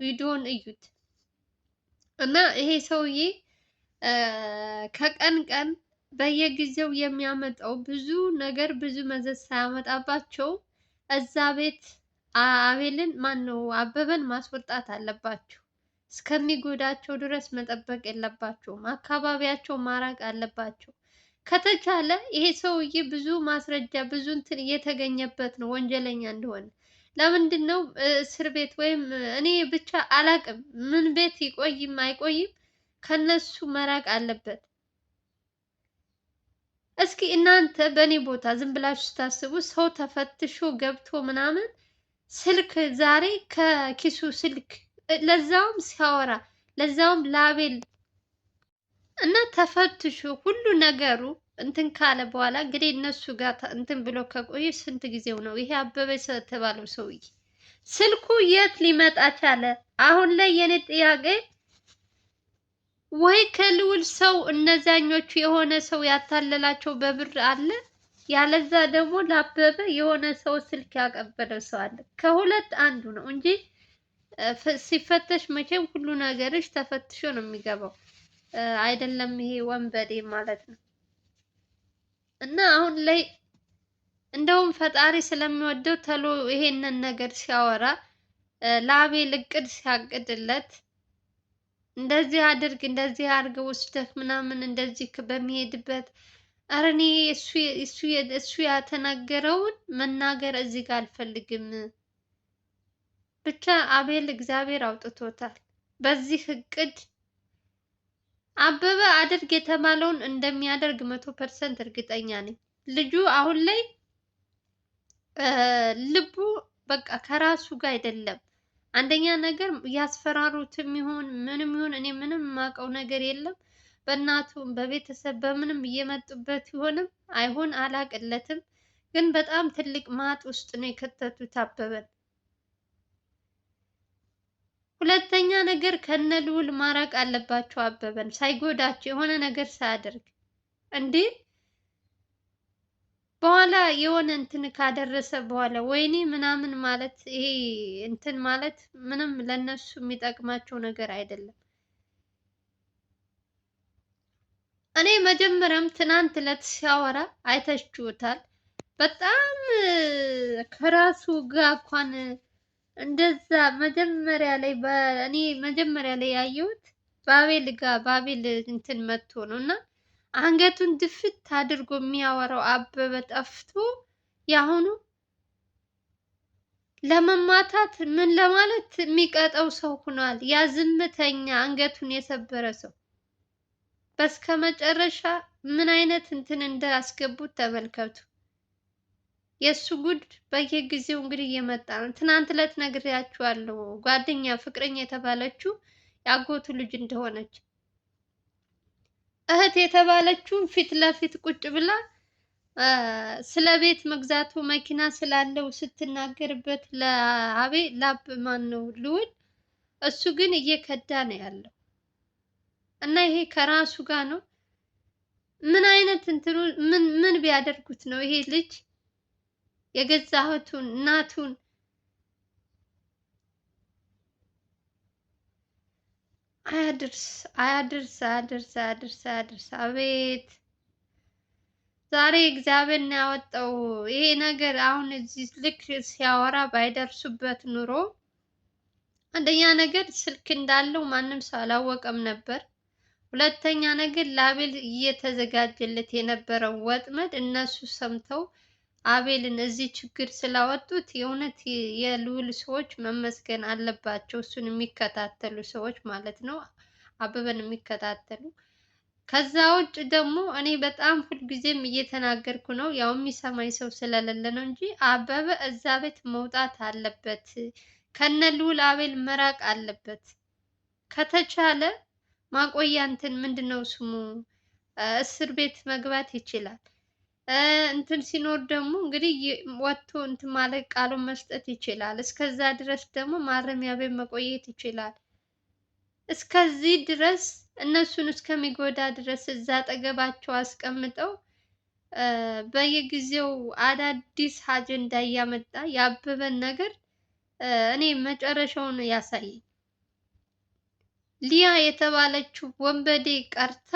ቪዲዮን እዩት እና ይሄ ሰውዬ ከቀን ቀን በየጊዜው የሚያመጣው ብዙ ነገር ብዙ መዘዝ ሳያመጣባቸው እዛ ቤት አቤልን ነው አበበን ማስወጣት አለባቸው። እስከሚጎዳቸው ድረስ መጠበቅ የለባቸውም። አካባቢያቸው ማራቅ አለባቸው። ከተቻለ ይሄ ሰውዬ ብዙ ማስረጃ ብዙ እንትን እየተገኘበት ነው ወንጀለኛ እንደሆነ ለምንድን ነው እስር ቤት ወይም እኔ ብቻ አላቅም፣ ምን ቤት ይቆይም አይቆይም ከነሱ መራቅ አለበት። እስኪ እናንተ በእኔ ቦታ ዝም ብላችሁ ስታስቡ ሰው ተፈትሾ ገብቶ ምናምን ስልክ ዛሬ ከኪሱ ስልክ ለዛውም ሲያወራ ለዛውም ላቤል እና ተፈትሾ ሁሉ ነገሩ እንትን ካለ በኋላ እንግዲህ እነሱ ጋር እንትን ብሎ ከቆየ ስንት ጊዜው ነው? ይሄ አበበ የተባለው ሰውዬ ስልኩ የት ሊመጣ ቻለ? አሁን ላይ የኔ ጥያቄ ወይ ከልውል ሰው እነዛኞቹ የሆነ ሰው ያታለላቸው በብር አለ፣ ያለዛ ደግሞ ለአበበ የሆነ ሰው ስልክ ያቀበለው ሰው አለ። ከሁለት አንዱ ነው እንጂ ሲፈተሽ መቼም ሁሉ ነገርሽ ተፈትሾ ነው የሚገባው። አይደለም ይሄ ወንበዴ ማለት ነው። እና አሁን ላይ እንደውም ፈጣሪ ስለሚወደው ተሎ ይሄንን ነገር ሲያወራ ለአቤል እቅድ ሲያቅድለት እንደዚህ አድርግ እንደዚህ አድርግ ወስደህ ምናምን እንደዚህ በሚሄድበት ኧረ እኔ እሱ ያተናገረውን መናገር እዚህ ጋር አልፈልግም። ብቻ አቤል እግዚአብሔር አውጥቶታል። በዚህ እቅድ አበበ አድርግ የተባለውን እንደሚያደርግ መቶ ፐርሰንት እርግጠኛ ነኝ። ልጁ አሁን ላይ ልቡ በቃ ከራሱ ጋር አይደለም። አንደኛ ነገር ያስፈራሩትም ይሁን ምንም ይሁን እኔ ምንም የማውቀው ነገር የለም። በእናቱ በቤተሰብ በምንም እየመጡበት ይሆንም አይሆን አላቅለትም፣ ግን በጣም ትልቅ ማጥ ውስጥ ነው የከተቱት አበበን። ሁለተኛ ነገር ከነ ልዑል ማራቅ አለባቸው። አበበን ሳይጎዳቸው የሆነ ነገር ሳያደርግ እንዴ በኋላ የሆነ እንትን ካደረሰ በኋላ ወይኔ ምናምን ማለት ይሄ እንትን ማለት ምንም ለነሱ የሚጠቅማቸው ነገር አይደለም። እኔ መጀመሪያም ትናንት ዕለት ሲያወራ አይተችሁታል በጣም ከራሱ ጋር እንኳን እንደዛ መጀመሪያ ላይ እኔ መጀመሪያ ላይ ያየሁት ባቤል ጋር ባቤል እንትን መጥቶ ነው እና አንገቱን ድፍት አድርጎ የሚያወራው አበበ ጠፍቶ ያሁኑ ለመማታት ምን ለማለት የሚቀጠው ሰው ሆኗል። ያ ዝምተኛ አንገቱን የሰበረ ሰው በስከ መጨረሻ ምን አይነት እንትን እንዳስገቡት ተመልከቱ። የእሱ ጉድ በየጊዜው እንግዲህ እየመጣ ነው። ትናንት ዕለት ነግሬያችኋለሁ። ጓደኛ ፍቅረኛ የተባለችው የአጎቱ ልጅ እንደሆነች እህት የተባለችው ፊት ለፊት ቁጭ ብላ ስለ ቤት መግዛቱ መኪና ስላለው ስትናገርበት ለአቤ ላብ ማን ነው ልውል እሱ ግን እየከዳ ነው ያለው እና ይሄ ከራሱ ጋር ነው። ምን አይነት እንትኑ ምን ምን ቢያደርጉት ነው ይሄ ልጅ የገዛሁትን እናቱን አያድርስ አያድርስ አያድርስ አያድርስ አያድርስ። አቤት ዛሬ እግዚአብሔር ያወጣው። ይሄ ነገር አሁን እዚህ ልክ ሲያወራ ባይደርሱበት ኑሮ አንደኛ ነገር ስልክ እንዳለው ማንም ሰው አላወቀም ነበር። ሁለተኛ ነገር ለአቤል እየተዘጋጀለት የነበረው ወጥመድ እነሱ ሰምተው አቤልን እዚህ ችግር ስላወጡት የእውነት የልዑል ሰዎች መመስገን አለባቸው። እሱን የሚከታተሉ ሰዎች ማለት ነው፣ አበበን የሚከታተሉ። ከዛ ውጭ ደግሞ እኔ በጣም ሁልጊዜም እየተናገርኩ ነው፣ ያው የሚሰማኝ ሰው ስለሌለ ነው እንጂ አበበ እዛ ቤት መውጣት አለበት። ከነ ልዑል አቤል መራቅ አለበት። ከተቻለ ማቆያ እንትን ምንድን ነው ስሙ እስር ቤት መግባት ይችላል። እንትን ሲኖር ደግሞ እንግዲህ ወጥቶ እንትን ማለት ቃሉን መስጠት ይችላል። እስከዛ ድረስ ደግሞ ማረሚያ ቤት መቆየት ይችላል። እስከዚህ ድረስ እነሱን እስከሚጎዳ ድረስ እዛ አጠገባቸው አስቀምጠው በየጊዜው አዳዲስ አጀንዳ እያመጣ ያበበን ነገር እኔ መጨረሻውን ያሳየኝ። ሊያ የተባለችው ወንበዴ ቀርታ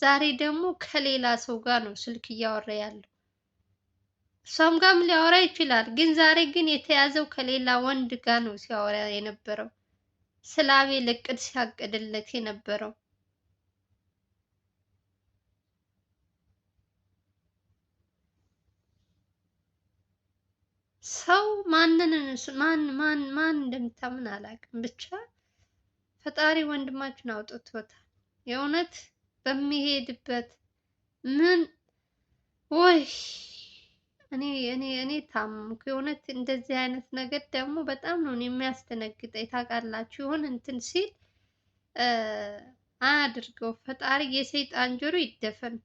ዛሬ ደግሞ ከሌላ ሰው ጋር ነው ስልክ እያወራ ያለው። እሷም ጋርም ሊያወራ ይችላል፣ ግን ዛሬ ግን የተያዘው ከሌላ ወንድ ጋር ነው ሲያወራ የነበረው። ስለ አቤል እቅድ ሲያቅድለት የነበረው ሰው ማንን ማን ማን ማን እንደምታምን አላውቅም። ብቻ ፈጣሪ ወንድማችን አውጥቶታል የእውነት በሚሄድበት ምን ወይ እኔ እኔ እኔ ታምኩ የእውነት እንደዚህ አይነት ነገር ደግሞ በጣም ነው የሚያስደነግጠኝ። ታውቃላችሁ ይሁን እንትን ሲል አያድርገው ፈጣሪ። የሰይጣን ጆሮ ይደፈን።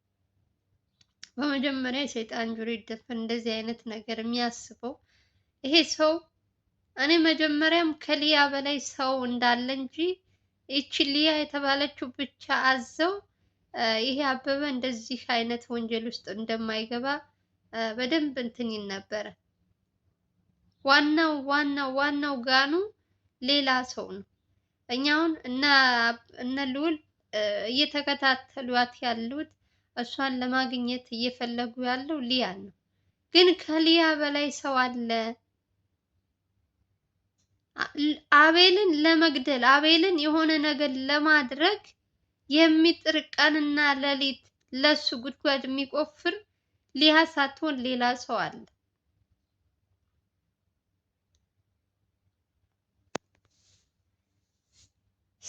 በመጀመሪያ የሰይጣን ጆሮ ይደፈን። እንደዚህ አይነት ነገር የሚያስበው ይሄ ሰው እኔ መጀመሪያም ከሊያ በላይ ሰው እንዳለ እንጂ ይቺ ሊያ የተባለችው ብቻ አዘው ይሄ አበበ እንደዚህ አይነት ወንጀል ውስጥ እንደማይገባ በደንብ እንትን ይል ነበረ። ዋናው ዋናው ዋናው ጋኑ ሌላ ሰው ነው። እኛውን እና እነ ልዑል እየተከታተሏት ያሉት እሷን ለማግኘት እየፈለጉ ያለው ሊያ ነው። ግን ከሊያ በላይ ሰው አለ። አቤልን ለመግደል አቤልን የሆነ ነገር ለማድረግ የሚጥር ቀንና ሌሊት ለሱ ጉድጓድ የሚቆፍር ሊያ ሳትሆን ሌላ ሰው አለ።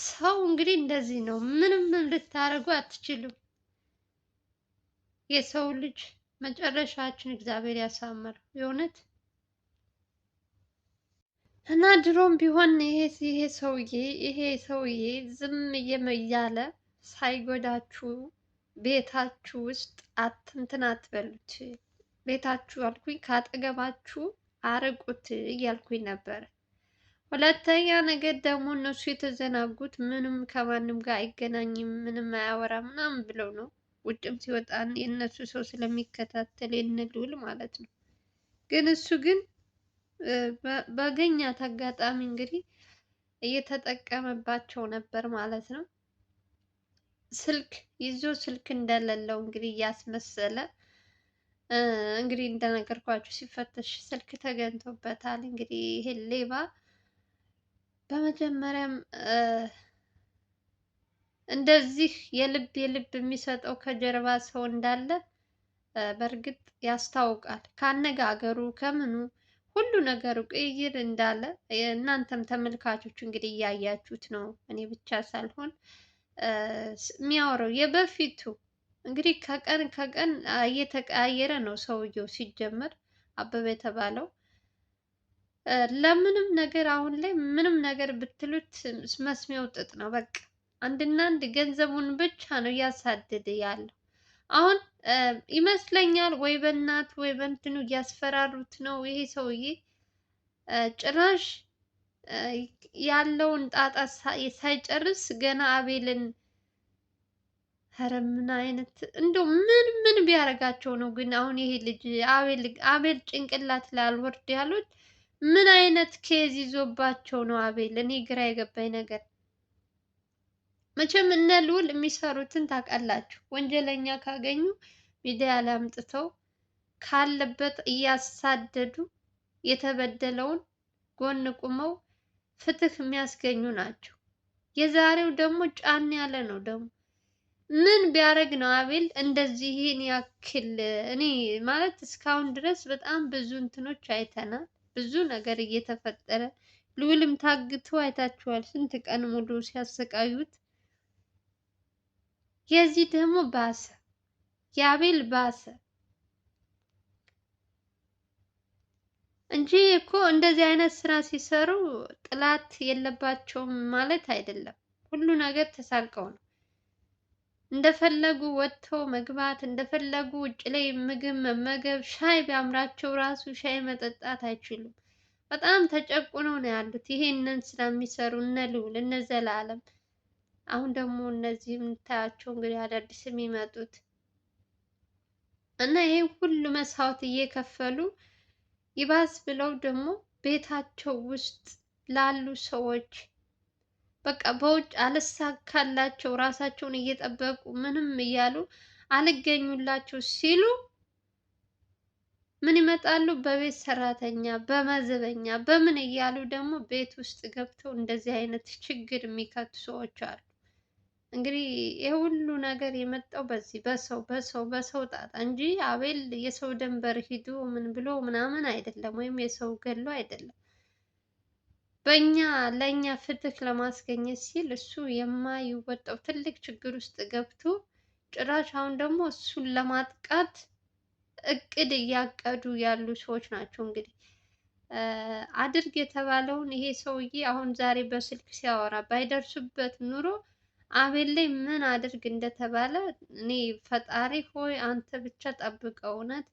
ሰው እንግዲህ እንደዚህ ነው። ምንም ልታደርጉ አትችሉም። የሰው ልጅ መጨረሻችን እግዚአብሔር ያሳምረው የእውነት እና ድሮም ቢሆን ይሄ ሰውዬ ይሄ ሰውዬ ዝም እያለ ሳይጎዳችሁ ቤታችሁ ውስጥ አትንትን አትበሉት። ቤታችሁ አልኩኝ ካጠገባችሁ አርቁት እያልኩኝ ነበር። ሁለተኛ ነገር ደግሞ እነሱ የተዘናጉት ምንም ከማንም ጋር አይገናኝም፣ ምንም አያወራ ምናምን ብለው ነው። ውጭም ሲወጣን የእነሱ ሰው ስለሚከታተል የንልውል ማለት ነው። ግን እሱ ግን ባገኛት አጋጣሚ እንግዲህ እየተጠቀመባቸው ነበር ማለት ነው። ስልክ ይዞ ስልክ እንደሌለው እንግዲህ እያስመሰለ እንግዲህ እንደነገርኳችሁ ሲፈተሽ ስልክ ተገኝቶበታል። እንግዲህ ይሄ ሌባ በመጀመሪያም እንደዚህ የልብ የልብ የሚሰጠው ከጀርባ ሰው እንዳለ በእርግጥ ያስታውቃል። ካነጋገሩ ከምኑ ሁሉ ነገሩ ቅይር እንዳለ እናንተም ተመልካቾች እንግዲህ እያያችሁት ነው። እኔ ብቻ ሳልሆን የሚያወራው የበፊቱ እንግዲህ ከቀን ከቀን እየተቀያየረ ነው ሰውየው። ሲጀመር አበበ የተባለው ለምንም ነገር አሁን ላይ ምንም ነገር ብትሉት መስሚያው ጥጥ ነው። በቃ አንድና አንድ ገንዘቡን ብቻ ነው እያሳደደ ያለው። አሁን ይመስለኛል ወይ በእናት ወይ በእንትኑ እያስፈራሩት ነው ይሄ ሰውዬ ጭራሽ ያለውን ጣጣ ሳይጨርስ ገና አቤልን ኧረ ምን አይነት እንደው ምን ምን ቢያደርጋቸው ነው ግን አሁን ይሄ ልጅ አቤል አቤል ጭንቅላት ላይ አልወርድ ያሉት ምን አይነት ኬዝ ይዞባቸው ነው አቤል? እኔ ግራ የገባኝ ነገር መቼም እነ ልውል የሚሰሩትን ታውቃላችሁ። ወንጀለኛ ካገኙ ሚዲያ ላይ አምጥተው ካለበት እያሳደዱ የተበደለውን ጎን ቁመው ፍትህ የሚያስገኙ ናቸው። የዛሬው ደግሞ ጫን ያለ ነው። ደግሞ ምን ቢያደርግ ነው አቤል እንደዚህ ይህን ያክል? እኔ ማለት እስካሁን ድረስ በጣም ብዙ እንትኖች አይተናል። ብዙ ነገር እየተፈጠረ ልውልም ታግቶ አይታችኋል። ስንት ቀን ሙሉ ሲያሰቃዩት፣ የዚህ ደግሞ ባሰ፣ የአቤል ባሰ። እንጂ እኮ እንደዚህ አይነት ስራ ሲሰሩ ጥላት የለባቸውም ማለት አይደለም። ሁሉ ነገር ተሳልቀው ነው። እንደፈለጉ ወጥተው መግባት፣ እንደፈለጉ ውጭ ላይ ምግብ መመገብ፣ ሻይ ቢያምራቸው ራሱ ሻይ መጠጣት አይችሉም። በጣም ተጨቁነው ነው ያሉት። ይሄንን ስራ የሚሰሩ እነ ልዑል እነ ዘላለም፣ አሁን ደግሞ እነዚህ የምታያቸው እንግዲህ አዳዲስ የሚመጡት እና ይሄ ሁሉ መስዋዕት እየከፈሉ ይባስ ብለው ደግሞ ቤታቸው ውስጥ ላሉ ሰዎች በቃ በውጭ አልሳካላቸው ራሳቸውን እየጠበቁ ምንም እያሉ አልገኙላቸው ሲሉ ምን ይመጣሉ? በቤት ሰራተኛ፣ በመዘበኛ፣ በምን እያሉ ደግሞ ቤት ውስጥ ገብተው እንደዚህ አይነት ችግር የሚከቱ ሰዎች አሉ። እንግዲህ ይህ ሁሉ ነገር የመጣው በዚህ በሰው በሰው በሰው ጣጣ እንጂ አቤል የሰው ደንበር ሂዶ ምን ብሎ ምናምን አይደለም፣ ወይም የሰው ገሎ አይደለም። በእኛ ለእኛ ፍትህ ለማስገኘት ሲል እሱ የማይወጣው ትልቅ ችግር ውስጥ ገብቶ ጭራሽ አሁን ደግሞ እሱን ለማጥቃት እቅድ እያቀዱ ያሉ ሰዎች ናቸው። እንግዲህ አድርግ የተባለውን ይሄ ሰውዬ አሁን ዛሬ በስልክ ሲያወራ ባይደርሱበት ኑሮ አቤል ላይ ምን አድርግ እንደተባለ እኔ ፈጣሪ ሆይ አንተ ብቻ ጠብቀው። እውነት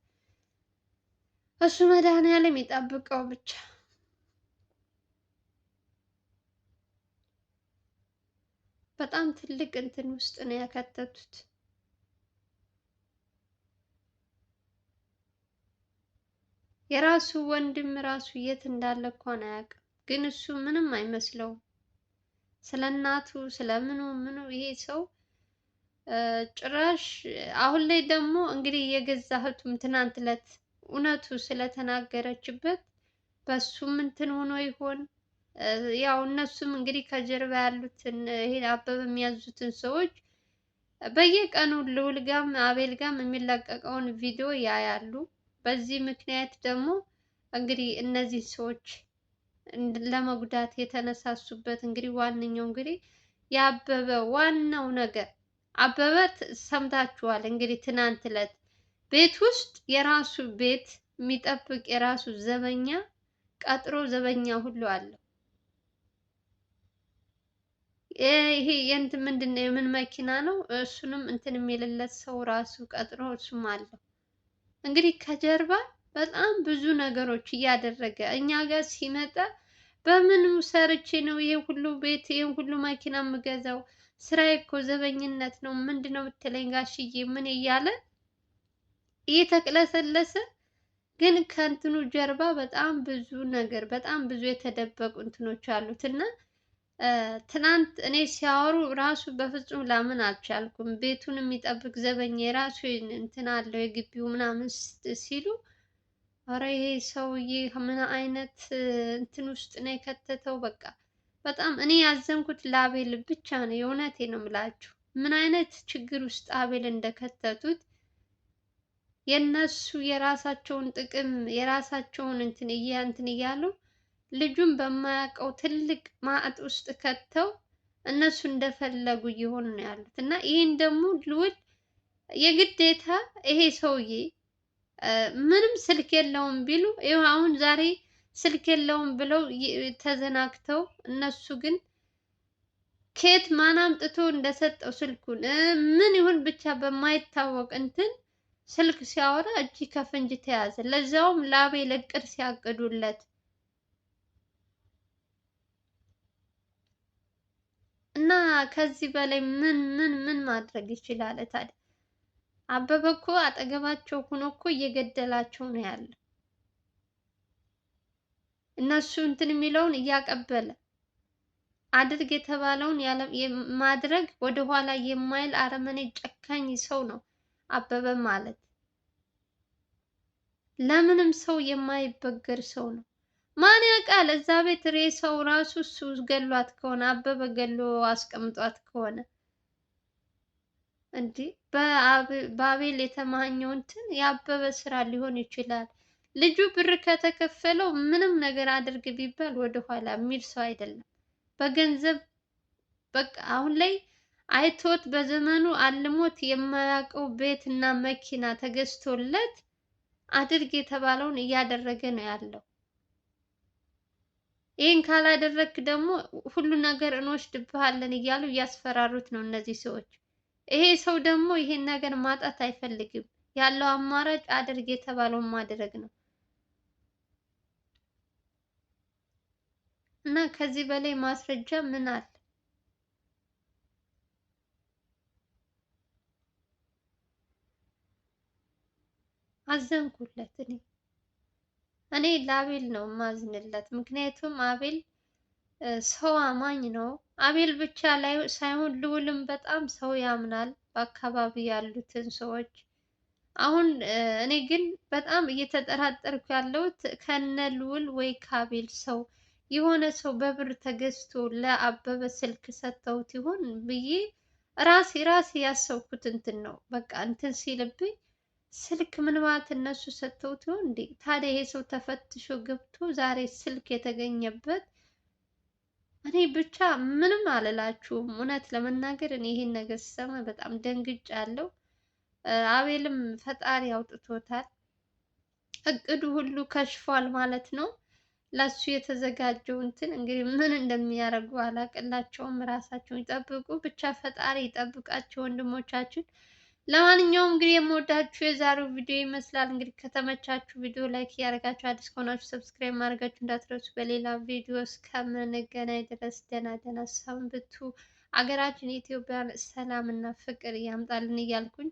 እሱ መድኃኒዓለም ይጠብቀው ብቻ። በጣም ትልቅ እንትን ውስጥ ነው ያከተቱት። የራሱ ወንድም ራሱ የት እንዳለ እንኳን አያውቅም፣ ግን እሱ ምንም አይመስለውም። ስለ እናቱ ስለምኑ ምኑ ይሄ ሰው ጭራሽ አሁን ላይ ደግሞ እንግዲህ የገዛ እህቱም ትናንት ዕለት እውነቱ ስለተናገረችበት በሱም እንትን ሆኖ ይሆን ያው እነሱም እንግዲህ ከጀርባ ያሉትን ይሄ አበበ የሚያዙትን ሰዎች በየቀኑ ልዑል ጋም አቤል ጋም የሚለቀቀውን ቪዲዮ ያያሉ። በዚህ ምክንያት ደግሞ እንግዲህ እነዚህ ሰዎች ለመጉዳት የተነሳሱበት እንግዲህ ዋነኛው እንግዲህ የአበበ ዋናው ነገር አበበ ሰምታችኋል። እንግዲህ ትናንት ዕለት ቤት ውስጥ የራሱ ቤት የሚጠብቅ የራሱ ዘበኛ ቀጥሮ ዘበኛ ሁሉ አለው። ይሄ የእንትን ምንድን ነው የምን መኪና ነው? እሱንም እንትን የሚልለት ሰው ራሱ ቀጥሮ እሱም አለው። እንግዲህ ከጀርባ በጣም ብዙ ነገሮች እያደረገ እኛ ጋር ሲመጣ በምን ሰርቼ ነው ይሄ ሁሉ ቤት ይሄ ሁሉ መኪና የምገዛው? ስራዬ እኮ ዘበኝነት ነው ምንድን ነው ብትለኝ ጋሽዬ ምን እያለ እየተቅለሰለሰ ግን ከእንትኑ ጀርባ በጣም ብዙ ነገር በጣም ብዙ የተደበቁ እንትኖች አሉት እና ትናንት እኔ ሲያወሩ ራሱ በፍጹም ላምን አልቻልኩም። ቤቱን የሚጠብቅ ዘበኛ የራሱ እንትን አለው የግቢው ምናምን ሲሉ አረ ይሄ ሰውዬ ምን አይነት እንትን ውስጥ ነው የከተተው? በቃ በጣም እኔ ያዘንኩት ለአቤል ብቻ ነው። የእውነቴ ነው ምላችሁ ምን አይነት ችግር ውስጥ አቤል እንደከተቱት የእነሱ የራሳቸውን ጥቅም የራሳቸውን እንትን እያ እንትን እያሉ ልጁን በማያውቀው ትልቅ ማዕጥ ውስጥ ከተው እነሱ እንደፈለጉ እየሆኑ ነው ያሉት እና ይህን ደግሞ ልውል የግዴታ ይሄ ሰውዬ ምንም ስልክ የለውም ቢሉ ይኸው አሁን ዛሬ ስልክ የለውም ብለው ተዘናግተው እነሱ ግን ከየት ማን አምጥቶ እንደሰጠው ስልኩን ምን ይሁን ብቻ በማይታወቅ እንትን ስልክ ሲያወራ እጅ ከፍንጅ ተያዘ። ለዛውም ላቤ ለቅር ሲያቅዱለት እና ከዚህ በላይ ምን ምን ምን ማድረግ ይችላል ታዲያ? አበበ እኮ አጠገባቸው ሆኖ እኮ እየገደላቸው ነው ያለ። እነሱ እንትን የሚለውን እያቀበለ አድርግ የተባለውን ማድረግ ወደኋላ የማይል አረመኔ ጨካኝ ሰው ነው አበበ ማለት። ለምንም ሰው የማይበገር ሰው ነው። ማን ያውቃል? እዛ ቤት ሬሳው ራሱ እሱ ገሏት ከሆነ አበበ ገሎ አስቀምጧት ከሆነ እንዲህ በአቤል የተማኘው እንትን ያበበ ስራ ሊሆን ይችላል። ልጁ ብር ከተከፈለው ምንም ነገር አድርግ ቢባል ወደኋላ የሚል ሰው አይደለም። በገንዘብ በቃ አሁን ላይ አይቶት በዘመኑ አልሞት የማያውቀው እና መኪና ተገዝቶለት አድርግ የተባለውን እያደረገ ነው ያለው። ይህን ካላደረግክ ደግሞ ሁሉ ነገር እንወስድብሃለን እያሉ እያስፈራሩት ነው እነዚህ ሰዎች። ይሄ ሰው ደግሞ ይሄን ነገር ማጣት አይፈልግም። ያለው አማራጭ አድርግ የተባለውን ማድረግ ነው እና ከዚህ በላይ ማስረጃ ምን አለ? አዘንኩለት። እኔ እኔ ለአቤል ነው ማዝንለት፣ ምክንያቱም አቤል ሰው አማኝ ነው። አቤል ብቻ ላይ ሳይሆን ልውልም በጣም ሰው ያምናል፣ በአካባቢ ያሉትን ሰዎች። አሁን እኔ ግን በጣም እየተጠራጠርኩ ያለሁት ከነ ልውል ወይ ከአቤል ሰው የሆነ ሰው በብር ተገዝቶ ለአበበ ስልክ ሰጥተውት ይሆን ብዬ ራሴ ራሴ ያሰብኩት እንትን ነው። በቃ እንትን ሲልብኝ ስልክ ምንባት እነሱ ሰጥተውት ይሆን እንዴ? ታዲያ ይሄ ሰው ተፈትሾ ገብቶ ዛሬ ስልክ የተገኘበት እኔ ብቻ ምንም አልላችሁም። እውነት ለመናገር እኔ ይህን ነገር ስሰማ በጣም ደንግጫለሁ። አቤልም ፈጣሪ አውጥቶታል። እቅዱ ሁሉ ከሽፏል ማለት ነው። ለሱ የተዘጋጀው እንትን እንግዲህ ምን እንደሚያደርጉ አላቅላቸውም። ራሳቸውን ይጠብቁ ብቻ። ፈጣሪ ይጠብቃቸው ወንድሞቻችን። ለማንኛውም እንግዲህ የምወዳችሁ የዛሬው ቪዲዮ ይመስላል። እንግዲህ ከተመቻችሁ ቪዲዮ ላይክ እያደረጋችሁ አዲስ ከሆናችሁ ሰብስክራይብ ማድረጋችሁ እንዳትረሱ። በሌላ ቪዲዮ እስከምንገናኝ ድረስ ደህና ደህና ሰንብቱ። አገራችን ኢትዮጵያን ሰላም እና ፍቅር ያምጣልን እያልኩኝ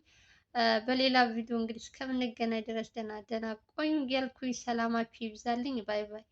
በሌላ ቪዲዮ እንግዲህ እስከምንገናኝ ድረስ ደህና ደህና ቆዩ እያልኩኝ ሰላማችሁ ይብዛልኝ። ባይ ባይ።